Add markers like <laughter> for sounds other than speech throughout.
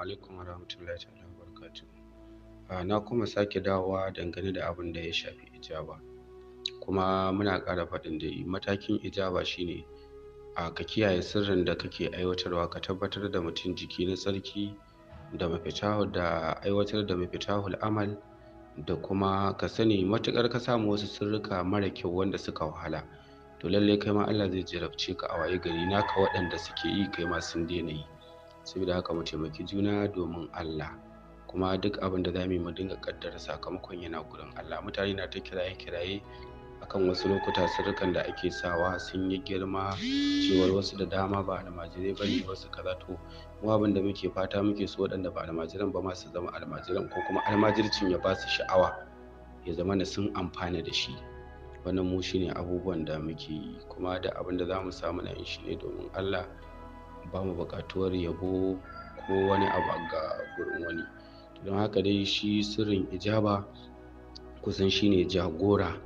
Assalamu alaikum warahmatullahi ta'ala ah, Na kuma sake dawowa dangane da abin da ya shafi ijaba. Kuma muna ƙara faɗin dai matakin ijaba shine a ah, ka kiyaye sirrin da kake aiwatarwa ka tabbatar da mutum jiki na tsarki da da aiwatar da mafitahul amal da kuma ka sani matuƙar ka samu wasu sirrika mara kyau wanda suka wahala to lallai kai ma Allah zai jarabce ka a waye gari naka waɗanda suke yi kai ma sun daina yi. saboda haka mu taimaki juna domin Allah kuma duk abin da zamu yi mu dinga kaddara sakamakon yana gurin Allah mutane na ta kiraye kiraye akan wasu lokuta sirrukan da ake sawa sun yi girma cewar wasu da dama ba almajirai ba ne wasu kaza to mu abin da muke fata muke so waɗanda ba almajiran ba ma su zama almajiran ko kuma almajircin ya ba su sha'awa ya zama na sun amfana da shi wannan mu shine abubuwan da muke yi kuma da abin da zamu samu na shi ne domin Allah ba mu buƙatuwar yabo ko wani abu ga gurin wani don haka dai shi sirrin ijaba kusan shine jagora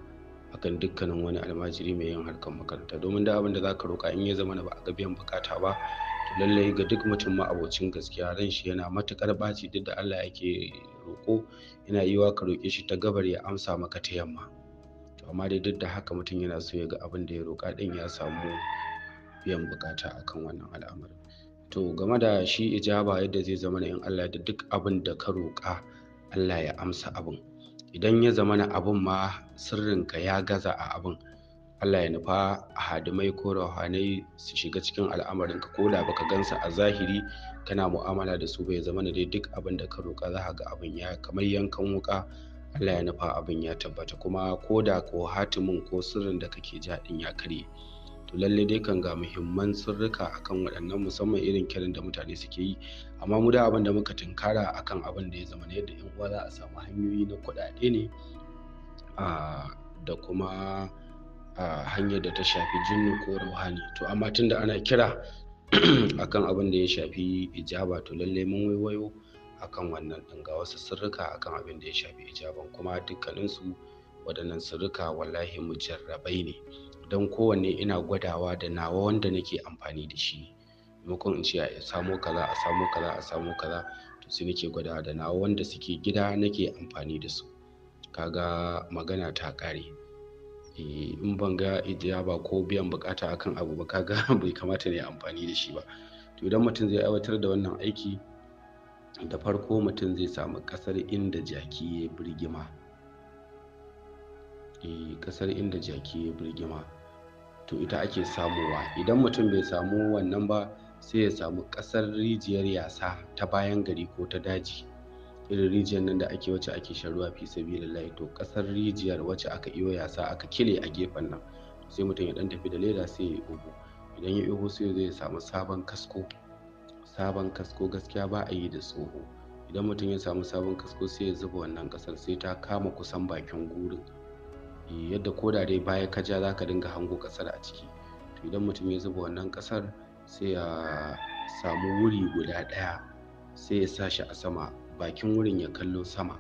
akan dukkanin wani almajiri mai yin harkar makaranta domin da abin da za ka roƙa in ya zama na ba a ga biyan bukata ba to lallai ga duk mutum ma'abocin gaskiya ran shi yana matuƙar ɓaci duk da Allah yake roƙo yana yiwa ka roƙe shi ta gabar ya amsa maka ta yamma to amma dai duk da haka mutum yana so ya ga abin da ya roƙa din ya samu biyan bukata akan wannan al'amarin to game da shi ijaba yadda zai zama yin Allah da duk abin da ka roƙa Allah ya amsa abin idan ya zama na abin ma sirrinka ya gaza a abin Allah ya nufa a hadimai ko rauhanai su shiga cikin al'amarin ko da baka gansa a zahiri kana mu'amala da su bai zama na dai duk abin da ka roƙa za ga abin ya kamar yankan wuƙa Allah ya nufa abin ya tabbata kuma ko da ko hatimin ko sirrin da kake ja din ya karye to lalle dai kan ga muhimman sirrika akan waɗannan musamman irin kiran da mutane suke yi amma mu da abin da muka tunkara akan abin da ya zama yadda yan uwa za a samu hanyoyi na kuɗaɗe ne da kuma hanyar da ta shafi jinnu ko ruhani. to amma tunda ana kira akan <clears throat> abin da ya shafi ijaba to lalle mun waiwayo akan wannan ɗin ga wasu sirrika akan abin da ya shafi ijaban kuma dukkaninsu waɗannan sirrika wallahi mujarrabai ne don kowanne ina gwadawa da nawa wanda nake amfani da shi maimakon in ce a samo kaza a samo kaza a samo kaza to sai nake gwadawa da nawa wanda suke gida nake amfani da su kaga magana ta kare eh, in ban ga ba ko biyan bukata akan abu ba kaga <laughs> bai kamata ne amfani da shi ba to idan mutum zai aiwatar da wannan aiki da farko mutum zai samu kasar inda jaki ya birgima kasar eh, inda jaki ya birgima to ita ake samowa idan mutum bai samu wannan ba sai ya samu ƙasar rijiyar yasa ta bayan gari ko ta daji irin rijiyar nan da ake wacce ake shan ruwa fi sabilillahi to ƙasar rijiyar wacce aka iyo yasa aka kile a gefen nan sai mutum ya dan tafi da leda sai ya ugu idan ya ugu sai zai samu sabon kasko sabon kasko gaskiya ba a yi da tsoho idan mutum ya samu sabon kasko sai ya zuba wannan ƙasar sai ta kama kusan bakin gurin Eh, yadda ko da dai baya ka ja zaka ka dinga hango ƙasar a ciki to idan mutum ya zuba wannan ƙasar sai ya samu wuri guda ɗaya sai ya sa shi a sama bakin wurin ya kallo sama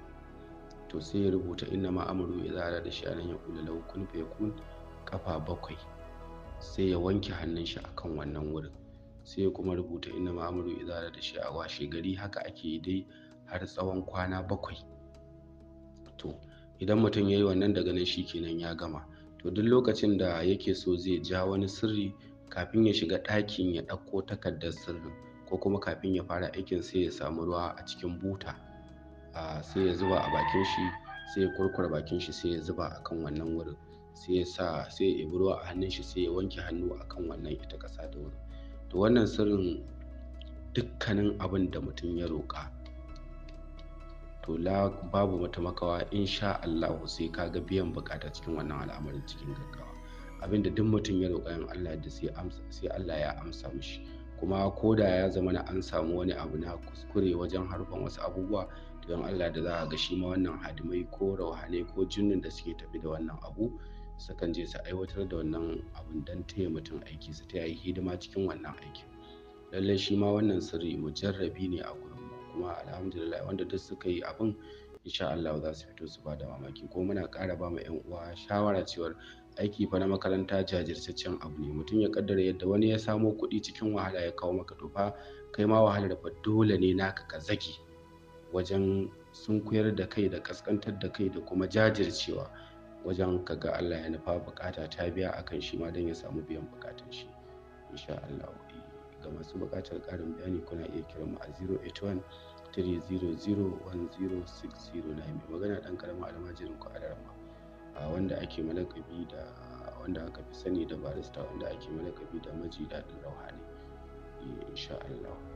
to sai ya rubuta inna ma amru ya zara da shi ya kula lahu kun fa yakun kafa bakwai sai ya wanke hannun shi akan wannan wurin sai ya kuma rubuta inna ma amru ya zara da shi a washe gari haka ake dai har tsawon kwana bakwai to idan mutum ya yi wannan daga nan shi kenan ya gama to duk lokacin da yake so zai ja wani sirri kafin ya shiga ɗakin ya ɗauko takardar sirrin ko kuma kafin ya fara aikin sai ya samu ruwa a cikin buta sai ya zuba a bakin shi sai ya kurkura bakin shi sai ya zuba a kan wannan wurin sai ya sa sai ya ibi ruwa a hannun shi sai ya wanke hannu a kan wannan ita ƙasa da wurin to wannan sirrin dukkanin abin da mutum ya roƙa to la babu wata makawa insha Allah sai ka ga biyan bukata cikin wannan al'amarin cikin gaggawa abinda duk mutum ya roƙa yin Allah da sai amsa sai Allah ya amsa mishi kuma ko da ya zama na an samu wani abu na kuskure wajen harfan wasu abubuwa to yan Allah da za a ga shi ma wannan hadimai ko rauhanai ko jinnin da suke tafi da wannan abu sukan je su aiwatar da wannan abun don taya mutum aiki su taya hidima cikin wannan aikin lallai shi ma wannan sirri mujarrabi ne a gurin kuma alhamdulillah wanda duk suka yi abin insha Allah za su fito su ba da mamaki ko muna ƙara ba mu 'yan uwa shawara cewar aiki fa na makaranta jajirtaccen abu ne mutum ya kaddara yadda wani ya samo kuɗi cikin wahala ya kawo maka to fa kai ma wahalar fa dole ne naka ka zaki wajen sun koyar da kai da kaskantar da kai da kuma jajircewa wajen kaga Allah ya nufa bukata ta biya akan shi ma don ya samu biyan bukatan shi insha Allah ga masu buƙatar ƙarin bayani kuna iya kiran mu a 081 3001060 na mai magana ɗan ƙaramin almajirin ku a wanda ake malakabi da wanda aka fi sani da barista wanda ake malakabi da maji daɗin rauhani eh, insha Allah